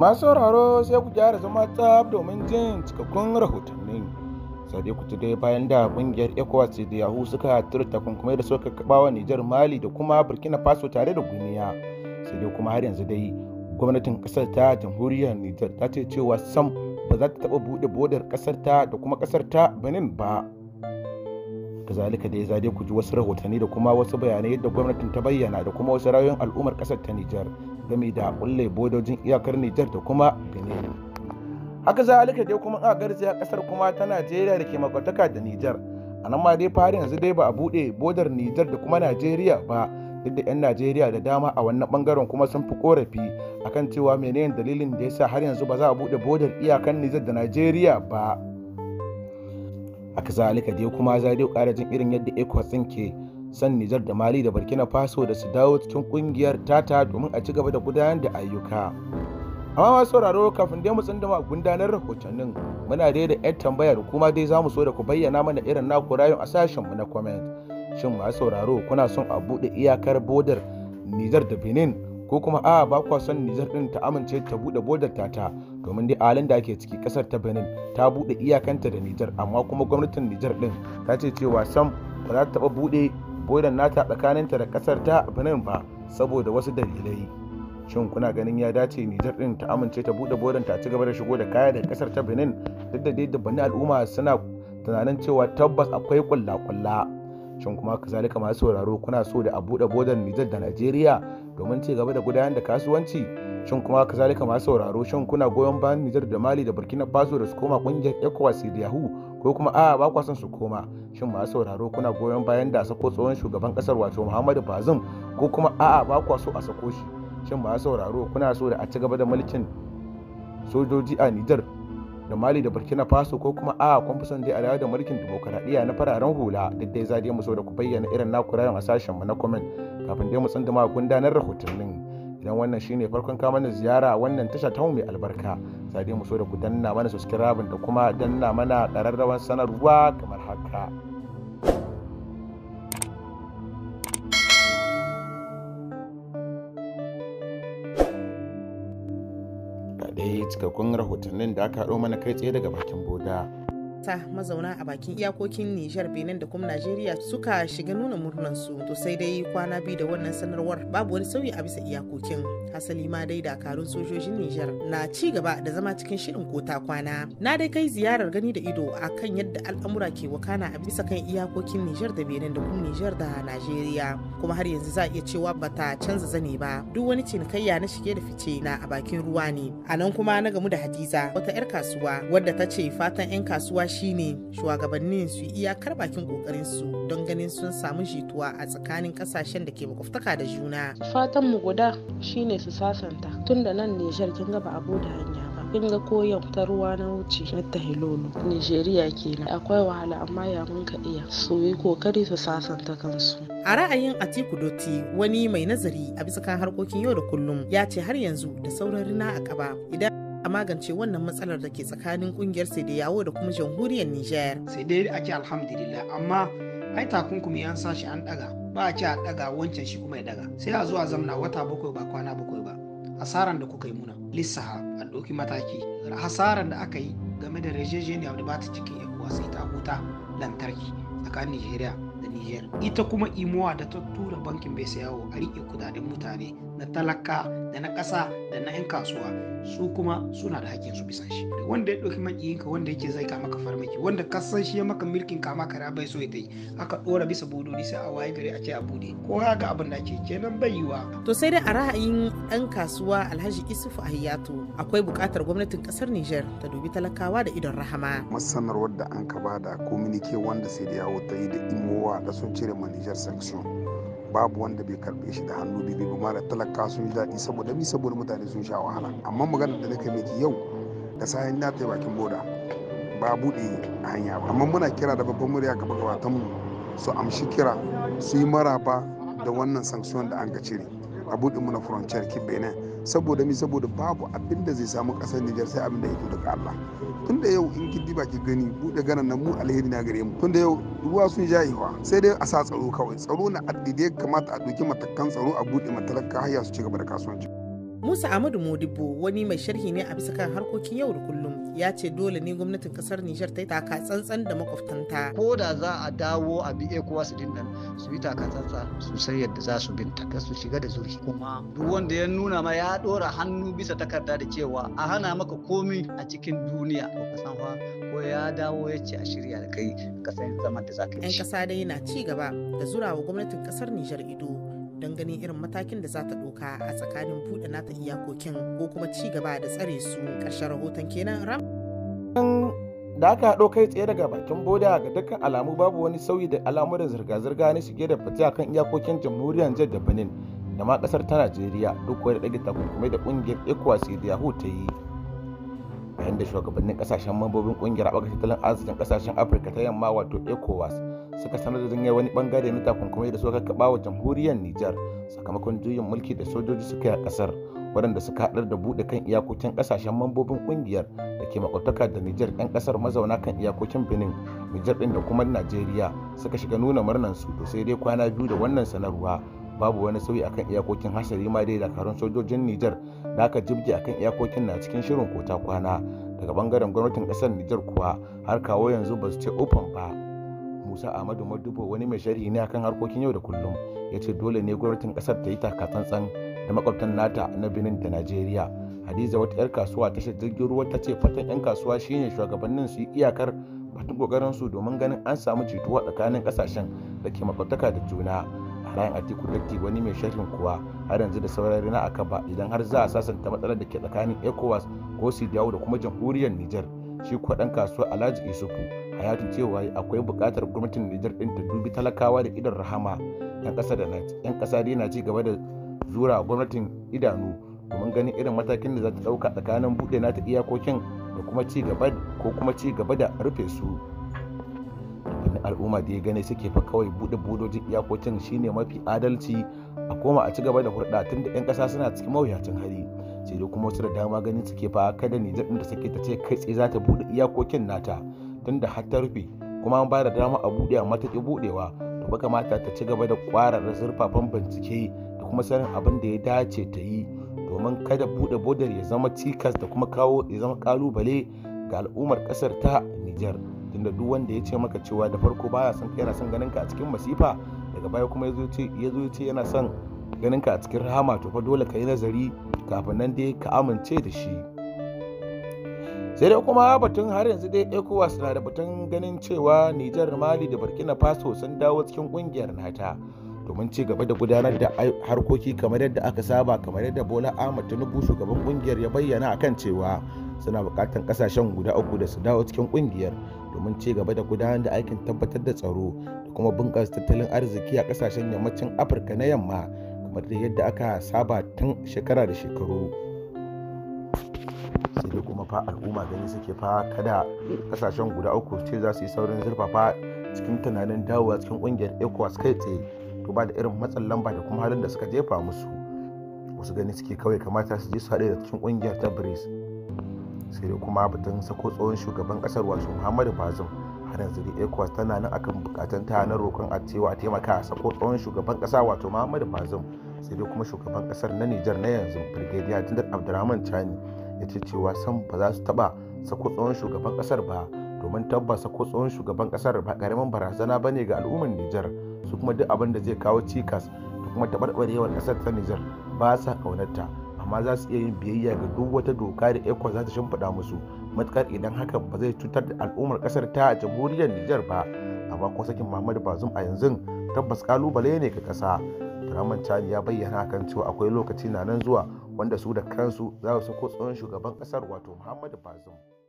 masu sauraro sai ku gyara zama tsab domin jin cikakkun rahotannin sai ku dai bayan da kungiyar ecowas da yahoo suka tura takunkumai da suka kaba wa nijar mali da kuma burkina faso tare da guniya sai dai kuma har yanzu dai gwamnatin kasar ta jamhuriyar nijar ta ce cewa sam ba za ta taba bude bodar kasar ta da kuma kasar ta benin ba kazalika dai za dai ku ji wasu rahotanni da kuma wasu bayanai yadda gwamnatin ta bayyana da kuma wasu rayuwar al'ummar kasar ta nijar game da kulle bodojin iyakar Nijar da kuma Benin. Haka za zalika dai kuma a garzaya kasar kuma ta Najeriya da ke makwataka da Nijar. A nan ma dai fari yanzu dai ba a buɗe bodar Nijar da kuma Najeriya ba duk da 'yan Najeriya da dama a wannan bangaren kuma sun fi korafi akan cewa menene dalilin da yasa har yanzu ba za a buɗe bodar iyakar Nijar da Najeriya ba. Haka za zalika dai kuma za dai ƙara jin irin yadda ECOWAS ke san Nijar da Mali da Burkina Faso da su dawo cikin kungiyar tata domin a ci gaba da gudanar da ayyuka. Amma masu sauraro kafin dai mu tsindama a gudanar rahotannin muna dai da 'yan tambayar kuma dai zamu so da ku bayyana mana irin naku rayon a sashenmu na comment. Shin masu sauraro kuna son a buɗe iyakar bodar Nijar da Benin ko kuma a ba kwa son Nijar ɗin ta amince ta buɗe bodar tata domin dai halin da ake ciki ƙasar ta Benin ta buɗe iyakanta da Nijar amma kuma gwamnatin Nijar ɗin ta ce cewa sam ba za ta taɓa buɗe bodan nata tsakaninta da kasar ta benin ba saboda wasu dalilai shin kuna ganin ya dace nijar din ta amince ta bude bodan ta ci gaba da shigo da kaya da kasar ta benin duk da dai dubbanin al'umma suna tunanin cewa tabbas akwai kulla-kulla shin kuma kazalika masu sauraro kuna so da a buɗe bodar Nijar da Najeriya domin ci gaba da gudanar da kasuwanci shin kuma kazalika masu sauraro shin kuna goyon bayan Nijar da Mali da Burkina Faso da su koma kungiyar ECOWAS da Yahoo ko kuma a'a ba kwa son su koma shin masu sauraro kuna goyon bayan da sako tsohon shugaban kasar wato Muhammadu Bazum ko kuma a'a ba kwa so a sako shi shin masu sauraro kuna so da a ci gaba da mulkin sojoji a Nijar da mali da burkina faso ko kuma a kun fi son dai a da mulkin dimokuraɗiyya na fararen hula duk dai za mu so da ku bayyana irin naku rayon a sashen mu na comment kafin dai mu tsunduma gundanar rahotannin idan wannan shine farkon kama na ziyara wannan tasha ta mai albarka za dai mu so da ku danna mana subscribe da kuma danna mana ƙararrawar sanarwa kamar haka. cikakkun rahotannin da aka haɗo mana kai tsaye daga bakin boda ta mazauna a bakin iyakokin Nijar Benin da kuma Najeriya suka shiga nuna murnansu to sai dai kwana biyu da wannan sanarwar babu wani sauyi a bisa iyakokin hasali ma dai dakarun sojojin Nijar na ci gaba da zama cikin shirin kota kwana na dai kai ziyarar gani da ido akan yadda al'amura ke wakana a bisa kan iyakokin Nijar da Benin da kuma Nijar da Najeriya kuma har yanzu za a iya cewa bata canza zane ba duk wani cinikayya na shige da fice na a bakin ruwa ne a nan kuma na gamu da Hadiza wata 'yar kasuwa wadda ta ce fatan 'yan kasuwa shine shugabannin su iyakar bakin kokarin su don ganin sun samu jituwa a tsakanin kasashen da ke makwabtaka da juna fatan mu guda shine su sasanta tun da nan Nijar kin ga ba abu da hanya ba. kin ga koyon ta ruwa na wuce na tahilolo nigeria kenan akwai wahala amma ya mun ka iya su yi kokari su sasanta kansu a ra'ayin atiku doti wani mai nazari a bisa kan harkokin yau da kullum ya ce har yanzu da sauran rina a kaba idan a magance wannan matsalar da ke tsakanin kungiyar yawo da kuma jamhuriyar Nijar. Sai dai ake alhamdulillah amma ai takunkumi an sashi an daga ba a ce a daga wancan shi kuma ya daga sai a zuwa zamna wata bakwai ba kwana bakwai ba hasaran da kuka yi muna lissaha a ɗauki mataki hasaran da aka yi game da rejejeniya da ba ta cikin 'yan sai ta huta lantarki tsakanin Nigeria da Niger ita kuma imowa da ta tura bankin bai sayawo a riƙe kudaden mutane na talaka da na ƙasa da na 'yan kasuwa su kuma suna da hakkin su bisan shi da wanda ya ɗauki makiyinka wanda yake zai kama ka farmaki wanda ka shi ya maka milkin kama kara bai so ya yi aka ɗora bisa bododi sai a waye gari a ce a bude ko haka abin da ake kenan bai yiwa. to sai dai a ra'ayin ɗan kasuwa alhaji isufu ahiyatu akwai buƙatar gwamnatin ƙasar niger ta dubi talakawa da idon rahama. Masanar da an ka bada ko wanda sai da yawo ta yi da imowa da sun cire ma sanction babu wanda bai karbe shi da hannu bibi ba mara talaka sun yi daɗi saboda bi saboda mutane sun sha wahala amma magana da nake miki yau da sayan na ta bakin boda ba buɗe hanya ba amma muna kira da babban murya ga mu su amshi kira su yi maraba da wannan sanction da an ga cire a buɗe na frontier kibbe ne. saboda mi saboda babu abin da zai samu kasar Nijar sai abin da yake daga Allah tun da yau in kin diba ki gani bude ganan nan mu alheri na gare mu tun da yau ruwa sun ja ihwa sai dai a sa tsaro kawai tsaro na addide kamata a doki matakan tsaro a bude matalaka haya su ci gaba da kasuwanci Musa Ahmadu Modibo wani mai sharhi ne a bisa kan harkokin yau da kullum ya ce dole ne gwamnatin kasar Nijar ta yi taka tsantsan da makwabtanta. Ko da za a dawo a bi ECOWAS din nan su yi taka tsantsan sosai yadda za su binta ka su shiga da zurfi kuma duk wanda ya nuna ma ya dora hannu bisa takarda da cewa a hana maka komi a cikin duniya ka san fa ko ya dawo ya ce a shirya da kai ka san zaman da za ka yi. 'Yan kasa dai na ci gaba da zurawa gwamnatin kasar Nijar ido. don ganin irin matakin da za ta ɗauka a tsakanin buɗe nata iyakokin ko kuma ci gaba da tsare su ƙarshen rahoton kenan ram da aka haɗo kai tsaye daga bakin boda ga dukkan alamu babu wani sauyi da alamuran zirga-zirga na shige da fita kan iyakokin jamhuriyar jihar da benin da ma ƙasar ta najeriya duk da ɗage takunkumai da ƙungiyar ecowas da yahoo ta yi inda shugabannin kasashen mambobin kungiyar haɓaka tattalin arzikin kasashen afirka ta yamma wato ecowas suka sanar da janye wani bangare na takunkumai da suka kaba wa jamhuriyar nijar sakamakon juyin mulki da sojoji suka yi a kasar waɗanda suka haɗar da buɗe kan iyakokin kasashen mambobin kungiyar da ke makwabtaka da nijar 'yan kasar mazauna kan iyakokin benin nijar ɗin da kuma najeriya suka shiga nuna murnar su to sai dai kwana biyu da wannan sanarwa babu wani sauyi akan iyakokin hasari ma dai dakarun sojojin Nijar da aka jibge akan iyakokin na cikin shirin kota kwana daga bangaren gwamnatin kasar Nijar kuwa har kawo yanzu ba su ce open ba Musa Ahmadu Madubo wani mai sharhi ne akan harkokin yau da kullum ya ce dole ne gwamnatin kasar ta yi taka tsantsan da makwabtan nata na binin da Najeriya Hadiza wata 'yar kasuwa tashar jirgin ruwa ta ce fatan 'yan kasuwa shine shugabannin su yi iyakar batun kokarin su domin ganin an samu jituwa tsakanin kasashen da ke makwabtaka da juna bayan atiku dakti wani mai shafin kuwa har yanzu da saurari rina aka ba idan har za a sasanta matsalar da ke tsakanin ecowas ko sidiyawo da kuma jamhuriyar nijar shi kuwa dan kasuwa alhaji isufu hayatu cewa akwai bukatar gwamnatin niger ɗin ta dubi talakawa da idan rahama yan kasa da yan ƙasa dai na ci gaba da zura gwamnatin idanu domin ganin irin matakin da za ta ɗauka tsakanin buɗe nata iyakokin da kuma ci kuma ci gaba da rufe su da al'umma da ya gane suke fa kawai buɗe budojin iyakokin shine mafi adalci a koma a ci gaba da hurɗa tun da 'yan ƙasa suna cikin mawuyacin hali sai dai kuma wasu da dama ganin suke fa kada ne zaɓin da suke ta ce kai tsaye za ta buɗe iyakokin nata tun da har rufe kuma an bada dama a buɗe amma ta ƙi buɗewa to ba kamata ta ci gaba da ƙwararra zurfafan bincike da kuma sanin abin da ya dace ta yi domin kada buɗe bodar ya zama cikas da kuma kawo ya zama ƙalubale ga al'ummar ƙasar ta Nijar. tunda duk wanda ya ce maka cewa da farko baya son yana son ganin ka a cikin masifa daga baya kuma ya zo ya ce yana son ganin ka a cikin rahama to fa dole ka yi nazari kafin nan dai ka amince da shi sai dai kuma batun har yanzu dai ecowas na da batun ganin cewa nijar mali da burkina faso sun dawo cikin kungiyar nata domin ci gaba da gudanar da harkoki kamar yadda aka saba kamar yadda bola ahmad tinubu shugaban kungiyar ya bayyana akan cewa suna bukatar kasashen guda uku da su dawo cikin kungiyar domin ci gaba da gudanar da aikin tabbatar da tsaro da kuma bunƙasa tattalin arziki a kasashen yammacin afirka na yamma kamar da yadda aka saba tun shekara da shekaru sai dai kuma fa al'umma gani suke fa kada kasashen guda uku ce za su yi saurin zurfafa cikin tunanin dawowa cikin kungiyar ecowas kai tsaye ba da irin matsin lamba da kuma halin da suka jefa musu wasu gani suke kawai kamata su je su haɗe da cikin kungiyar ta sai dai kuma batun sako tsohon shugaban kasar wato muhammadu bazum har yanzu da ecowas tana nan akan bukatun ta na roƙon a cewa a taimaka a sako tsohon shugaban kasa wato muhammadu bazum sai dai kuma shugaban kasar na nijar na yanzu brigadier jindar abdurrahman chani ya ce cewa san ba za su taba sako tsohon shugaban kasar ba domin tabbas sako tsohon shugaban kasar ba karamin barazana ba ne ga al'umman nijar su kuma duk abin da zai kawo cikas da kuma taɓarɓarewar kasar ta nijar ba sa ƙaunarta amma za su iya yin biyayya ga duk wata doka da ECOWAS za ta shimfiɗa musu matukar idan hakan ba zai cutar da al'ummar ƙasar ta a jamhuriyar Nijar ba amma kuma sakin Muhammadu Bazum a yanzu tabbas kalubale ne ga kasa Draman ya bayyana kan cewa akwai lokaci na nan zuwa wanda su da kansu za su sako tsohon shugaban ƙasar wato Muhammadu Bazum.